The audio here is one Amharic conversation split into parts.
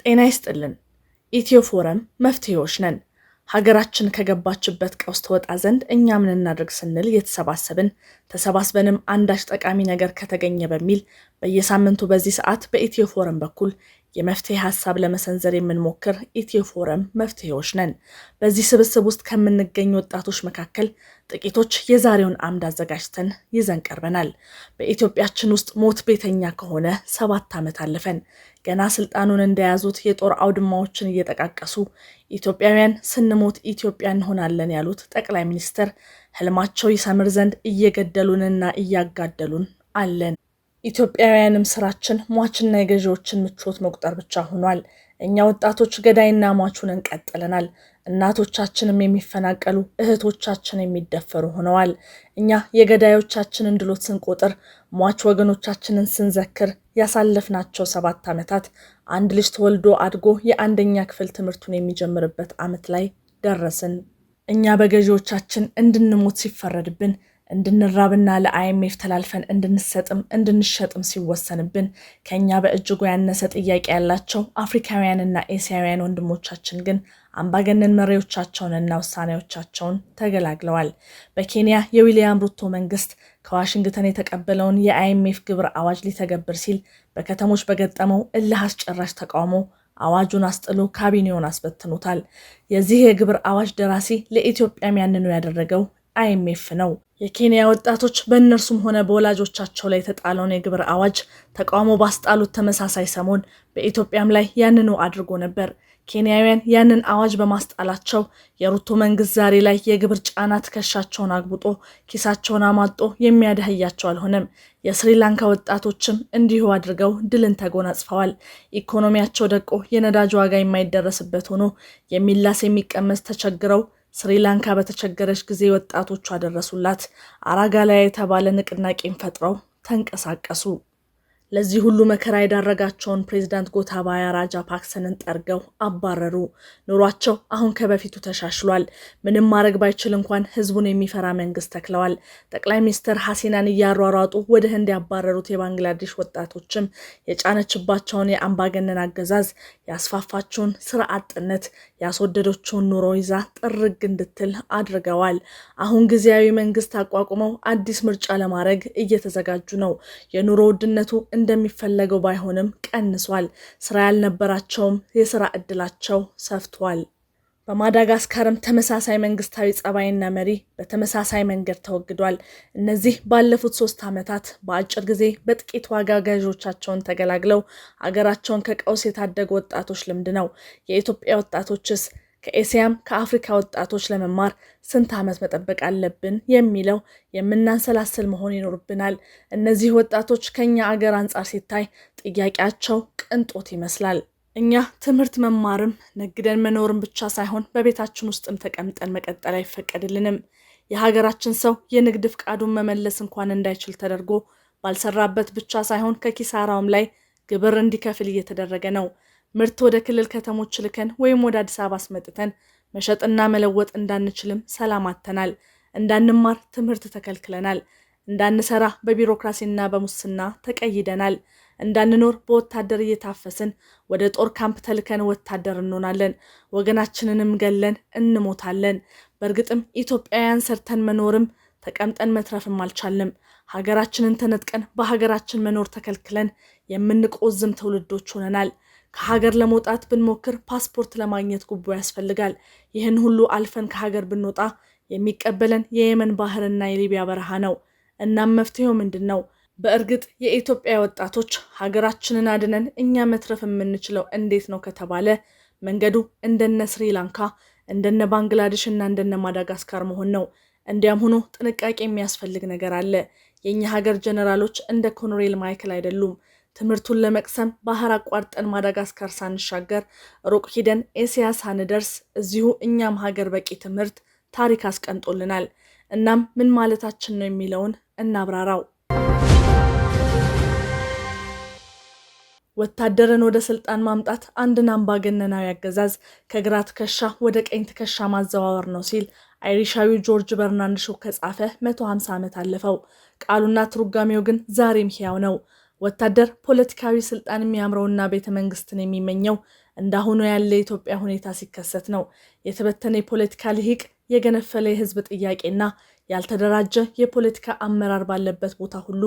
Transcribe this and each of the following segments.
ጤና ይስጥልን። ኢትዮ ፎረም መፍትሄዎች ነን። ሀገራችን ከገባችበት ቀውስ ተወጣ ዘንድ እኛ ምን እናድርግ ስንል የተሰባሰብን ተሰባስበንም አንዳች ጠቃሚ ነገር ከተገኘ በሚል በየሳምንቱ በዚህ ሰዓት በኢትዮ ፎረም በኩል የመፍትሄ ሀሳብ ለመሰንዘር የምንሞክር ኢትዮ ፎረም መፍትሄዎች ነን። በዚህ ስብስብ ውስጥ ከምንገኝ ወጣቶች መካከል ጥቂቶች የዛሬውን አምድ አዘጋጅተን ይዘን ቀርበናል። በኢትዮጵያችን ውስጥ ሞት ቤተኛ ከሆነ ሰባት ዓመት አለፈን። ገና ስልጣኑን እንደያዙት የጦር አውድማዎችን እየጠቃቀሱ ኢትዮጵያውያን ስንሞት ኢትዮጵያ እንሆናለን ያሉት ጠቅላይ ሚኒስትር ህልማቸው ይሰምር ዘንድ እየገደሉንና እያጋደሉን አለን ኢትዮጵያውያንም ስራችን ሟችና የገዢዎችን ምቾት መቁጠር ብቻ ሆኗል። እኛ ወጣቶች ገዳይና ሟቹን እንቀጥለናል። እናቶቻችንም የሚፈናቀሉ እህቶቻችን የሚደፈሩ ሆነዋል። እኛ የገዳዮቻችንን ድሎት ስንቆጥር፣ ሟች ወገኖቻችንን ስንዘክር ያሳለፍናቸው ሰባት ዓመታት አንድ ልጅ ተወልዶ አድጎ የአንደኛ ክፍል ትምህርቱን የሚጀምርበት ዓመት ላይ ደረስን። እኛ በገዢዎቻችን እንድንሞት ሲፈረድብን እንድንራብና ለአይኤምኤፍ ተላልፈን እንድንሰጥም እንድንሸጥም ሲወሰንብን ከእኛ በእጅጉ ያነሰ ጥያቄ ያላቸው አፍሪካውያንና ኤስያውያን ወንድሞቻችን ግን አምባገነን መሪዎቻቸውንና ውሳኔዎቻቸውን ተገላግለዋል። በኬንያ የዊልያም ሩቶ መንግስት ከዋሽንግተን የተቀበለውን የአይኤምኤፍ ግብር አዋጅ ሊተገብር ሲል በከተሞች በገጠመው እልህ አስጨራሽ ተቃውሞ አዋጁን አስጥሎ ካቢኔውን አስበትኖታል። የዚህ የግብር አዋጅ ደራሲ ለኢትዮጵያም ያንኑ ያደረገው አይኤምኤፍ ነው። የኬንያ ወጣቶች በእነርሱም ሆነ በወላጆቻቸው ላይ የተጣለውን የግብር አዋጅ ተቃውሞ ባስጣሉት ተመሳሳይ ሰሞን በኢትዮጵያም ላይ ያንኑ አድርጎ ነበር። ኬንያውያን ያንን አዋጅ በማስጣላቸው የሩቶ መንግስት ዛሬ ላይ የግብር ጫና ትከሻቸውን አግብጦ ኪሳቸውን አማጦ የሚያደህያቸው አልሆነም። የስሪላንካ ወጣቶችም እንዲሁ አድርገው ድልን ተጎናጽፈዋል። ኢኮኖሚያቸው ደቆ የነዳጅ ዋጋ የማይደረስበት ሆኖ የሚላስ የሚቀመስ ተቸግረው ስሪላንካ በተቸገረች ጊዜ ወጣቶቿ ደረሱላት። አራጋላያ የተባለ ንቅናቄን ፈጥረው ተንቀሳቀሱ። ለዚህ ሁሉ መከራ የዳረጋቸውን ፕሬዚዳንት ጎታባያ ራጃፓክሰንን ጠርገው አባረሩ። ኑሯቸው አሁን ከበፊቱ ተሻሽሏል። ምንም ማድረግ ባይችል እንኳን ህዝቡን የሚፈራ መንግስት ተክለዋል። ጠቅላይ ሚኒስትር ሐሲናን እያሯሯጡ ወደ ህንድ ያባረሩት የባንግላዴሽ ወጣቶችም የጫነችባቸውን የአምባገነን አገዛዝ፣ ያስፋፋችውን ስራ አጥነት፣ ያስወደዶችውን ኑሮ ይዛ ጥርግ እንድትል አድርገዋል። አሁን ጊዜያዊ መንግስት አቋቁመው አዲስ ምርጫ ለማድረግ እየተዘጋጁ ነው። የኑሮ ውድነቱ እንደሚፈለገው ባይሆንም ቀንሷል። ስራ ያልነበራቸውም የስራ እድላቸው ሰፍቷል። በማዳጋስካርም ተመሳሳይ መንግስታዊ ጸባይና መሪ በተመሳሳይ መንገድ ተወግዷል። እነዚህ ባለፉት ሶስት ዓመታት በአጭር ጊዜ በጥቂት ዋጋ ገዦቻቸውን ተገላግለው አገራቸውን ከቀውስ የታደጉ ወጣቶች ልምድ ነው። የኢትዮጵያ ወጣቶችስ ከኤስያም ከአፍሪካ ወጣቶች ለመማር ስንት ዓመት መጠበቅ አለብን የሚለው የምናንሰላስል መሆን ይኖርብናል። እነዚህ ወጣቶች ከኛ አገር አንጻር ሲታይ ጥያቄያቸው ቅንጦት ይመስላል። እኛ ትምህርት መማርም ነግደን መኖርም ብቻ ሳይሆን በቤታችን ውስጥም ተቀምጠን መቀጠል አይፈቀድልንም። የሀገራችን ሰው የንግድ ፍቃዱን መመለስ እንኳን እንዳይችል ተደርጎ ባልሰራበት ብቻ ሳይሆን ከኪሳራውም ላይ ግብር እንዲከፍል እየተደረገ ነው። ምርት ወደ ክልል ከተሞች ልከን ወይም ወደ አዲስ አበባ አስመጥተን መሸጥና መለወጥ እንዳንችልም ሰላም አተናል። እንዳንማር ትምህርት ተከልክለናል። እንዳንሰራ በቢሮክራሲና በሙስና ተቀይደናል። እንዳንኖር በወታደር እየታፈስን ወደ ጦር ካምፕ ተልከን ወታደር እንሆናለን። ወገናችንንም ገለን እንሞታለን። በእርግጥም ኢትዮጵያውያን ሰርተን መኖርም ተቀምጠን መትረፍም አልቻልንም። ሀገራችንን ተነጥቀን በሀገራችን መኖር ተከልክለን የምንቆዝም ትውልዶች ሆነናል። ከሀገር ለመውጣት ብንሞክር ፓስፖርት ለማግኘት ጉቦ ያስፈልጋል። ይህን ሁሉ አልፈን ከሀገር ብንወጣ የሚቀበለን የየመን ባህርና የሊቢያ በረሃ ነው። እናም መፍትሄው ምንድን ነው? በእርግጥ የኢትዮጵያ ወጣቶች ሀገራችንን አድነን እኛ መትረፍ የምንችለው እንዴት ነው ከተባለ መንገዱ እንደነ ስሪላንካ እንደነ ባንግላዴሽ እና እንደነ ማዳጋስካር መሆን ነው። እንዲያም ሆኖ ጥንቃቄ የሚያስፈልግ ነገር አለ። የእኛ ሀገር ጀነራሎች እንደ ኮኖሬል ማይክል አይደሉም። ትምህርቱን ለመቅሰም ባህር አቋርጠን ማዳጋስካር ሳንሻገር ሩቅ ሂደን ኤስያ ሳንደርስ እዚሁ እኛም ሀገር በቂ ትምህርት ታሪክ አስቀንጦልናል። እናም ምን ማለታችን ነው የሚለውን እናብራራው። ወታደርን ወደ ስልጣን ማምጣት አንድን አምባገነናዊ አገዛዝ ከግራ ትከሻ ወደ ቀኝ ትከሻ ማዘዋወር ነው ሲል አይሪሻዊው ጆርጅ በርናንድ መቶ ከጻፈ 150 ዓመት አለፈው። ቃሉና ትርጓሜው ግን ዛሬም ሕያው ነው። ወታደር ፖለቲካዊ ስልጣን የሚያምረውና ቤተ መንግስትን የሚመኘው እንዳሁኑ ያለ የኢትዮጵያ ሁኔታ ሲከሰት ነው። የተበተነ የፖለቲካ ልሂቅ፣ የገነፈለ የህዝብ ጥያቄና ያልተደራጀ የፖለቲካ አመራር ባለበት ቦታ ሁሉ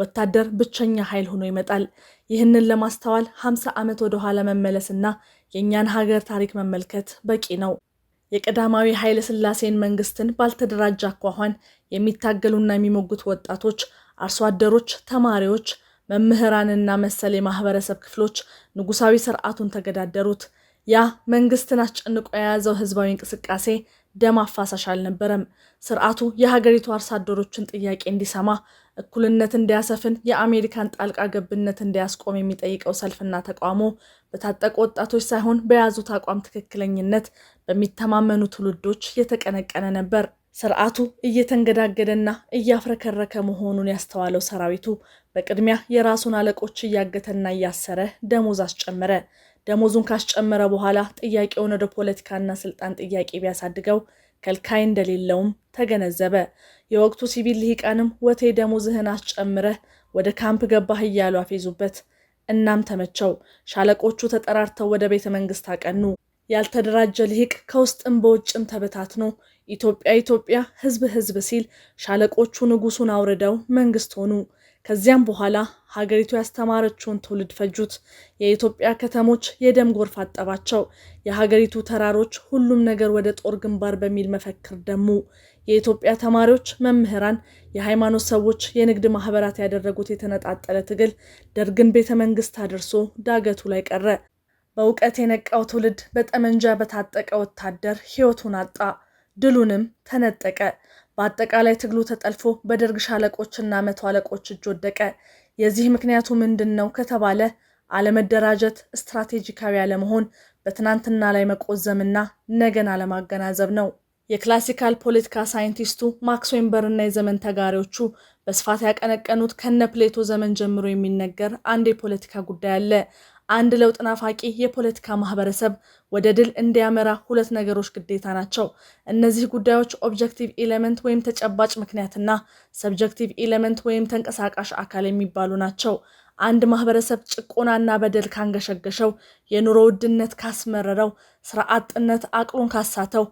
ወታደር ብቸኛ ኃይል ሆኖ ይመጣል። ይህንን ለማስተዋል 50 ዓመት ወደኋላ መመለስና የእኛን ሀገር ታሪክ መመልከት በቂ ነው። የቀዳማዊ ኃይለ ስላሴን መንግስትን ባልተደራጀ አኳኋን የሚታገሉና የሚሞጉት ወጣቶች፣ አርሶ አደሮች፣ ተማሪዎች መምህራንና መሰል የማህበረሰብ ክፍሎች ንጉሳዊ ስርዓቱን ተገዳደሩት። ያ መንግስትን አስጨንቆ የያዘው ህዝባዊ እንቅስቃሴ ደም አፋሳሽ አልነበረም። ስርዓቱ የሀገሪቱ አርሶ አደሮችን ጥያቄ እንዲሰማ፣ እኩልነት እንዲያሰፍን፣ የአሜሪካን ጣልቃ ገብነት እንዲያስቆም የሚጠይቀው ሰልፍና ተቃውሞ በታጠቁ ወጣቶች ሳይሆን በያዙት አቋም ትክክለኝነት በሚተማመኑ ትውልዶች የተቀነቀነ ነበር። ስርዓቱ እየተንገዳገደና እያፍረከረከ መሆኑን ያስተዋለው ሰራዊቱ በቅድሚያ የራሱን አለቆች እያገተና እያሰረ ደሞዝ አስጨመረ። ደሞዙን ካስጨመረ በኋላ ጥያቄውን ወደ ፖለቲካና ስልጣን ጥያቄ ቢያሳድገው ከልካይ እንደሌለውም ተገነዘበ። የወቅቱ ሲቪል ልሂቃንም ወቴ ደሞዝህን አስጨምረህ ወደ ካምፕ ገባህ እያሉ አፌዙበት። እናም ተመቸው። ሻለቆቹ ተጠራርተው ወደ ቤተ መንግስት አቀኑ። ያልተደራጀ ልሂቅ ከውስጥም በውጭም ተበታትኖ ኢትዮጵያ ኢትዮጵያ ህዝብ ህዝብ ሲል ሻለቆቹ ንጉሱን አውርደው መንግስት ሆኑ። ከዚያም በኋላ ሀገሪቱ ያስተማረችውን ትውልድ ፈጁት። የኢትዮጵያ ከተሞች የደም ጎርፍ አጠባቸው። የሀገሪቱ ተራሮች፣ ሁሉም ነገር ወደ ጦር ግንባር በሚል መፈክር ደሙ። የኢትዮጵያ ተማሪዎች፣ መምህራን፣ የሃይማኖት ሰዎች፣ የንግድ ማህበራት ያደረጉት የተነጣጠለ ትግል ደርግን ቤተ መንግስት አድርሶ ዳገቱ ላይ ቀረ። በእውቀት የነቃው ትውልድ በጠመንጃ በታጠቀ ወታደር ህይወቱን አጣ። ድሉንም ተነጠቀ። በአጠቃላይ ትግሉ ተጠልፎ በደርግ ሻለቆችና መቶ አለቆች እጅ ወደቀ። የዚህ ምክንያቱ ምንድን ነው ከተባለ አለመደራጀት፣ ስትራቴጂካዊ አለመሆን፣ በትናንትና ላይ መቆዘምና ነገን አለማገናዘብ ነው። የክላሲካል ፖለቲካ ሳይንቲስቱ ማክስ እና የዘመን ተጋሪዎቹ በስፋት ያቀነቀኑት ከነ ፕሌቶ ዘመን ጀምሮ የሚነገር አንድ የፖለቲካ ጉዳይ አለ። አንድ ለውጥ ናፋቂ የፖለቲካ ማህበረሰብ ወደ ድል እንዲያመራ ሁለት ነገሮች ግዴታ ናቸው። እነዚህ ጉዳዮች ኦብጀክቲቭ ኤሌመንት ወይም ተጨባጭ ምክንያትና ሰብጀክቲቭ ኤሌመንት ወይም ተንቀሳቃሽ አካል የሚባሉ ናቸው። አንድ ማህበረሰብ ጭቆናና በደል ካንገሸገሸው፣ የኑሮ ውድነት ካስመረረው፣ ስራ አጥነት አቅሉን ካሳተው፣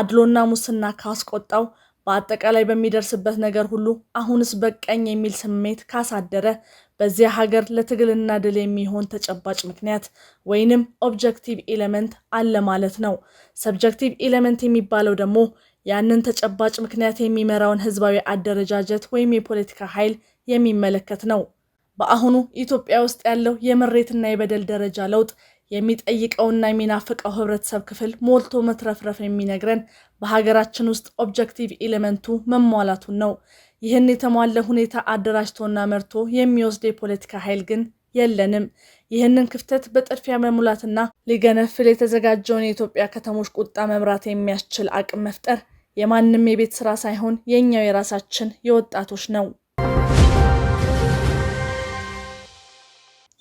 አድሎና ሙስና ካስቆጣው በአጠቃላይ በሚደርስበት ነገር ሁሉ አሁንስ በቀኝ የሚል ስሜት ካሳደረ በዚያ ሀገር ለትግልና ድል የሚሆን ተጨባጭ ምክንያት ወይንም ኦብጀክቲቭ ኤሌመንት አለ ማለት ነው። ሰብጀክቲቭ ኤሌመንት የሚባለው ደግሞ ያንን ተጨባጭ ምክንያት የሚመራውን ህዝባዊ አደረጃጀት ወይም የፖለቲካ ኃይል የሚመለከት ነው። በአሁኑ ኢትዮጵያ ውስጥ ያለው የምሬትና የበደል ደረጃ ለውጥ የሚጠይቀውና የሚናፍቀው ህብረተሰብ ክፍል ሞልቶ መትረፍረፍ የሚነግረን በሀገራችን ውስጥ ኦብጀክቲቭ ኤሌመንቱ መሟላቱን ነው። ይህን የተሟለ ሁኔታ አደራጅቶና መርቶ የሚወስድ የፖለቲካ ኃይል ግን የለንም። ይህንን ክፍተት በጥድፊያ መሙላትና ሊገነፍል የተዘጋጀውን የኢትዮጵያ ከተሞች ቁጣ መምራት የሚያስችል አቅም መፍጠር የማንም የቤት ስራ ሳይሆን የእኛው የራሳችን የወጣቶች ነው።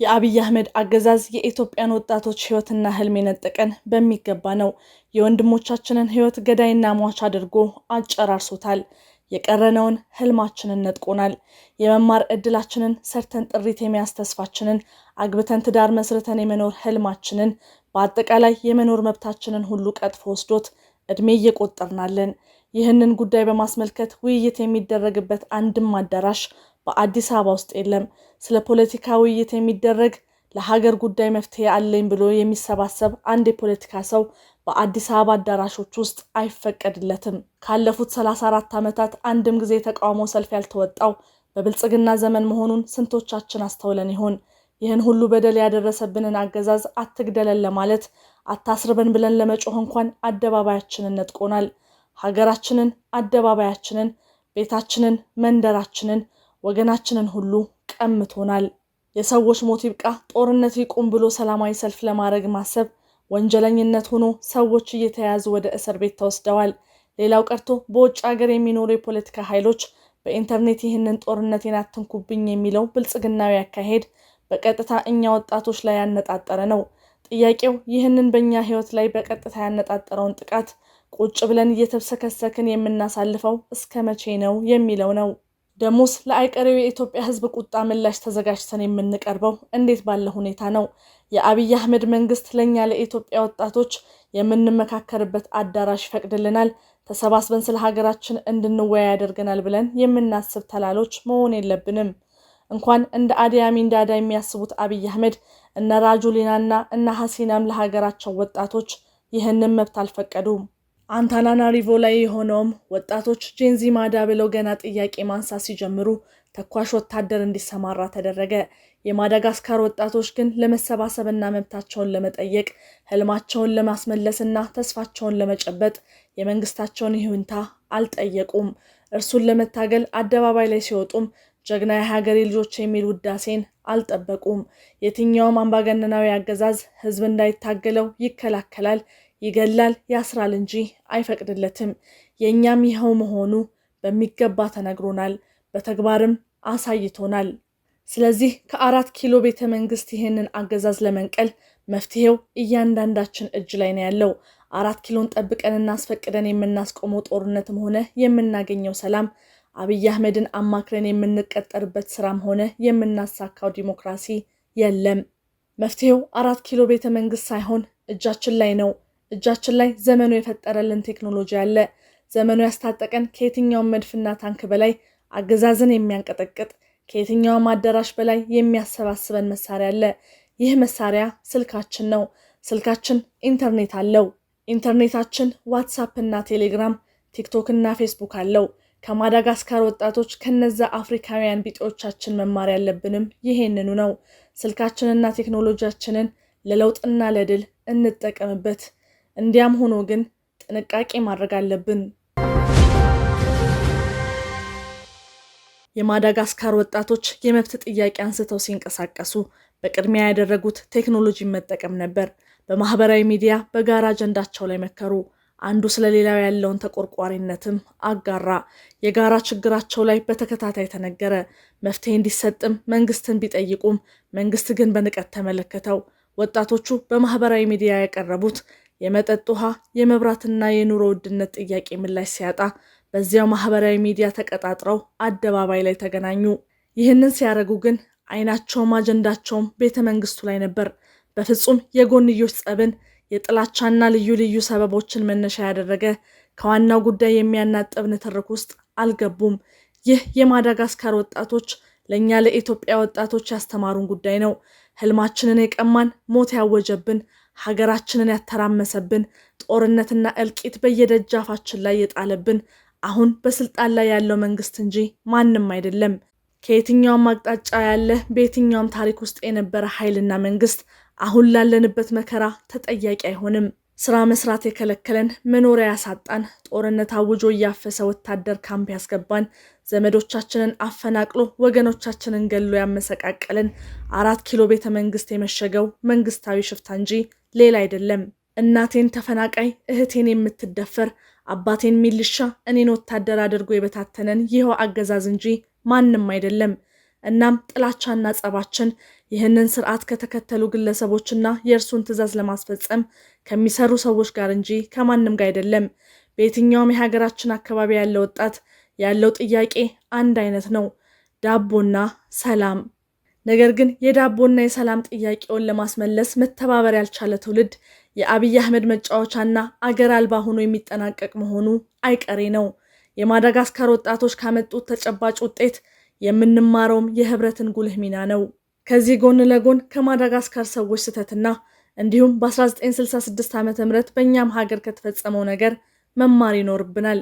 የአብይ አህመድ አገዛዝ የኢትዮጵያን ወጣቶች ህይወትና ህልም የነጠቀን በሚገባ ነው። የወንድሞቻችንን ህይወት ገዳይና ሟች አድርጎ አጨራርሶታል። የቀረነውን ህልማችንን ነጥቆናል። የመማር እድላችንን ሰርተን ጥሪት የመያዝ ተስፋችንን፣ አግብተን ትዳር መስርተን የመኖር ህልማችንን፣ በአጠቃላይ የመኖር መብታችንን ሁሉ ቀጥፎ ወስዶት እድሜ እየቆጠርናለን። ይህንን ጉዳይ በማስመልከት ውይይት የሚደረግበት አንድም አዳራሽ በአዲስ አበባ ውስጥ የለም። ስለ ፖለቲካ ውይይት የሚደረግ ለሀገር ጉዳይ መፍትሄ አለኝ ብሎ የሚሰባሰብ አንድ የፖለቲካ ሰው በአዲስ አበባ አዳራሾች ውስጥ አይፈቀድለትም። ካለፉት 34 ዓመታት አንድም ጊዜ የተቃውሞ ሰልፍ ያልተወጣው በብልጽግና ዘመን መሆኑን ስንቶቻችን አስተውለን ይሆን? ይህን ሁሉ በደል ያደረሰብንን አገዛዝ አትግደለን ለማለት አታስርበን ብለን ለመጮህ እንኳን አደባባያችንን ነጥቆናል። ሀገራችንን፣ አደባባያችንን፣ ቤታችንን፣ መንደራችንን ወገናችንን ሁሉ ቀምቶናል። የሰዎች ሞት ይብቃ፣ ጦርነት ይቁም ብሎ ሰላማዊ ሰልፍ ለማድረግ ማሰብ ወንጀለኝነት ሆኖ ሰዎች እየተያዙ ወደ እስር ቤት ተወስደዋል። ሌላው ቀርቶ በውጭ ሀገር የሚኖሩ የፖለቲካ ኃይሎች በኢንተርኔት ይህንን ጦርነት የናትንኩብኝ የሚለው ብልጽግናዊ አካሄድ በቀጥታ እኛ ወጣቶች ላይ ያነጣጠረ ነው። ጥያቄው ይህንን በእኛ ሕይወት ላይ በቀጥታ ያነጣጠረውን ጥቃት ቁጭ ብለን እየተብሰከሰክን የምናሳልፈው እስከ መቼ ነው የሚለው ነው። ደሞስ ለአይቀሬው የኢትዮጵያ ሕዝብ ቁጣ ምላሽ ተዘጋጅተን የምንቀርበው እንዴት ባለ ሁኔታ ነው? የአብይ አህመድ መንግስት ለእኛ ለኢትዮጵያ ወጣቶች የምንመካከርበት አዳራሽ ይፈቅድልናል፣ ተሰባስበን ስለ ሀገራችን እንድንወያይ ያደርገናል ብለን የምናስብ ተላሎች መሆን የለብንም። እንኳን እንደ አዲያሚ እንዳዳ የሚያስቡት አብይ አህመድ እነ ራጁሊናና እነ ሀሲናም ለሀገራቸው ወጣቶች ይህንን መብት አልፈቀዱም። አንታናናሪቮ ላይ የሆነውም ወጣቶች ጄንዚ ማዳ ብለው ገና ጥያቄ ማንሳት ሲጀምሩ ተኳሽ ወታደር እንዲሰማራ ተደረገ። የማዳጋስካር ወጣቶች ግን ለመሰባሰብና መብታቸውን ለመጠየቅ ህልማቸውን ለማስመለስና ተስፋቸውን ለመጨበጥ የመንግስታቸውን ይሁንታ አልጠየቁም። እርሱን ለመታገል አደባባይ ላይ ሲወጡም ጀግና የሀገሬ ልጆች የሚል ውዳሴን አልጠበቁም። የትኛውም አምባገነናዊ አገዛዝ ህዝብ እንዳይታገለው ይከላከላል፣ ይገላል፣ ያስራል እንጂ አይፈቅድለትም። የእኛም ይኸው መሆኑ በሚገባ ተነግሮናል፣ በተግባርም አሳይቶናል። ስለዚህ ከአራት ኪሎ ቤተ መንግስት ይህንን አገዛዝ ለመንቀል መፍትሄው እያንዳንዳችን እጅ ላይ ነው ያለው። አራት ኪሎን ጠብቀን እናስፈቅደን የምናስቆመው ጦርነትም ሆነ የምናገኘው ሰላም አብይ አህመድን አማክረን የምንቀጠርበት ስራም ሆነ የምናሳካው ዲሞክራሲ የለም። መፍትሄው አራት ኪሎ ቤተ መንግስት ሳይሆን እጃችን ላይ ነው። እጃችን ላይ ዘመኑ የፈጠረልን ቴክኖሎጂ አለ። ዘመኑ ያስታጠቀን ከየትኛውም መድፍና ታንክ በላይ አገዛዝን የሚያንቀጠቅጥ ከየትኛውም አዳራሽ በላይ የሚያሰባስበን መሳሪያ አለ። ይህ መሳሪያ ስልካችን ነው። ስልካችን ኢንተርኔት አለው። ኢንተርኔታችን ዋትሳፕ እና ቴሌግራም፣ ቲክቶክ እና ፌስቡክ አለው። ከማዳጋስካር ወጣቶች ከነዛ አፍሪካውያን ቢጤዎቻችን መማር ያለብንም ይሄንኑ ነው። ስልካችንና ቴክኖሎጂያችንን ለለውጥና ለድል እንጠቀምበት። እንዲያም ሆኖ ግን ጥንቃቄ ማድረግ አለብን። የማዳጋስካር ወጣቶች የመብት ጥያቄ አንስተው ሲንቀሳቀሱ በቅድሚያ ያደረጉት ቴክኖሎጂን መጠቀም ነበር። በማህበራዊ ሚዲያ በጋራ አጀንዳቸው ላይ መከሩ። አንዱ ስለሌላው ያለውን ተቆርቋሪነትም አጋራ። የጋራ ችግራቸው ላይ በተከታታይ ተነገረ። መፍትሄ እንዲሰጥም መንግስትን ቢጠይቁም መንግስት ግን በንቀት ተመለከተው። ወጣቶቹ በማህበራዊ ሚዲያ ያቀረቡት የመጠጥ ውሃ፣ የመብራትና የኑሮ ውድነት ጥያቄ ምላሽ ሲያጣ በዚያው ማህበራዊ ሚዲያ ተቀጣጥረው አደባባይ ላይ ተገናኙ። ይህንን ሲያደርጉ ግን አይናቸውም አጀንዳቸውም ቤተ መንግስቱ ላይ ነበር። በፍጹም የጎንዮሽ ጸብን፣ የጥላቻና ልዩ ልዩ ሰበቦችን መነሻ ያደረገ ከዋናው ጉዳይ የሚያናጥብ ንትርክ ውስጥ አልገቡም። ይህ የማዳጋስካር ወጣቶች ለእኛ ለኢትዮጵያ ወጣቶች ያስተማሩን ጉዳይ ነው። ህልማችንን የቀማን ሞት ያወጀብን ሀገራችንን ያተራመሰብን ጦርነትና እልቂት በየደጃፋችን ላይ የጣለብን አሁን በስልጣን ላይ ያለው መንግስት እንጂ ማንም አይደለም። ከየትኛውም አቅጣጫ ያለ በየትኛውም ታሪክ ውስጥ የነበረ ኃይልና መንግስት አሁን ላለንበት መከራ ተጠያቂ አይሆንም። ስራ መስራት የከለከለን፣ መኖሪያ ያሳጣን፣ ጦርነት አውጆ እያፈሰ ወታደር ካምፕ ያስገባን፣ ዘመዶቻችንን አፈናቅሎ ወገኖቻችንን ገሎ ያመሰቃቀልን አራት ኪሎ ቤተ መንግስት የመሸገው መንግስታዊ ሽፍታ እንጂ ሌላ አይደለም። እናቴን ተፈናቃይ፣ እህቴን የምትደፈር፣ አባቴን ሚልሻ፣ እኔን ወታደር አድርጎ የበታተነን ይኸው አገዛዝ እንጂ ማንም አይደለም። እናም ጥላቻና ጸባችን ይህንን ስርዓት ከተከተሉ ግለሰቦችና የእርሱን ትዕዛዝ ለማስፈጸም ከሚሰሩ ሰዎች ጋር እንጂ ከማንም ጋር አይደለም። በየትኛውም የሀገራችን አካባቢ ያለ ወጣት ያለው ጥያቄ አንድ አይነት ነው፣ ዳቦና ሰላም። ነገር ግን የዳቦና የሰላም ጥያቄውን ለማስመለስ መተባበር ያልቻለ ትውልድ የአብይ አህመድ መጫወቻና አገር አልባ ሆኖ የሚጠናቀቅ መሆኑ አይቀሬ ነው። የማዳጋስካር ወጣቶች ካመጡት ተጨባጭ ውጤት የምንማረውም የህብረትን ጉልህ ሚና ነው። ከዚህ ጎን ለጎን ከማዳጋስካር ሰዎች ስህተትና እንዲሁም በ1966 ዓ ም በእኛም ሀገር ከተፈጸመው ነገር መማር ይኖርብናል።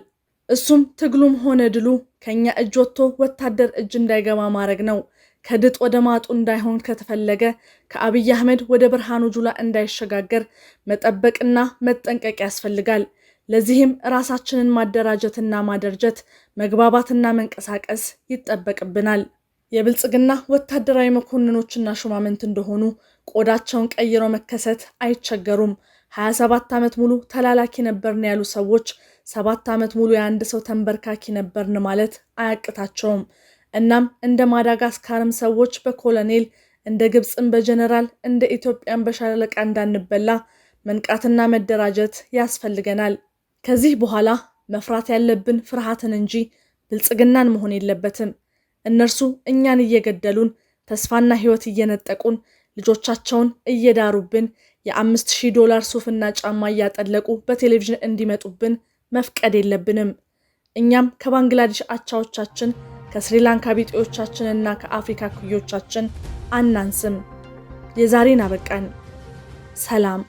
እሱም ትግሉም ሆነ ድሉ ከእኛ እጅ ወጥቶ ወታደር እጅ እንዳይገባ ማድረግ ነው። ከድጥ ወደ ማጡ እንዳይሆን ከተፈለገ ከአብይ አህመድ ወደ ብርሃኑ ጁላ እንዳይሸጋገር መጠበቅና መጠንቀቅ ያስፈልጋል። ለዚህም ራሳችንን ማደራጀትና ማደርጀት፣ መግባባትና መንቀሳቀስ ይጠበቅብናል። የብልጽግና ወታደራዊ መኮንኖችና ሹማምንት እንደሆኑ ቆዳቸውን ቀይረው መከሰት አይቸገሩም። 27 ዓመት ሙሉ ተላላኪ ነበርን ያሉ ሰዎች ሰባት ዓመት ሙሉ የአንድ ሰው ተንበርካኪ ነበርን ማለት አያቅታቸውም። እናም እንደ ማዳጋስካርም ሰዎች በኮሎኔል እንደ ግብፅም በጀነራል እንደ ኢትዮጵያን በሻለቃ እንዳንበላ መንቃትና መደራጀት ያስፈልገናል። ከዚህ በኋላ መፍራት ያለብን ፍርሃትን እንጂ ብልጽግናን መሆን የለበትም። እነርሱ እኛን እየገደሉን ተስፋና ህይወት እየነጠቁን ልጆቻቸውን እየዳሩብን የአምስት ሺህ ዶላር ሱፍና ጫማ እያጠለቁ በቴሌቪዥን እንዲመጡብን መፍቀድ የለብንም። እኛም ከባንግላዴሽ አቻዎቻችን ከስሪላንካ ቢጤዎቻችንና ከአፍሪካ ኩዮቻችን አናንስም። የዛሬን አበቃን። ሰላም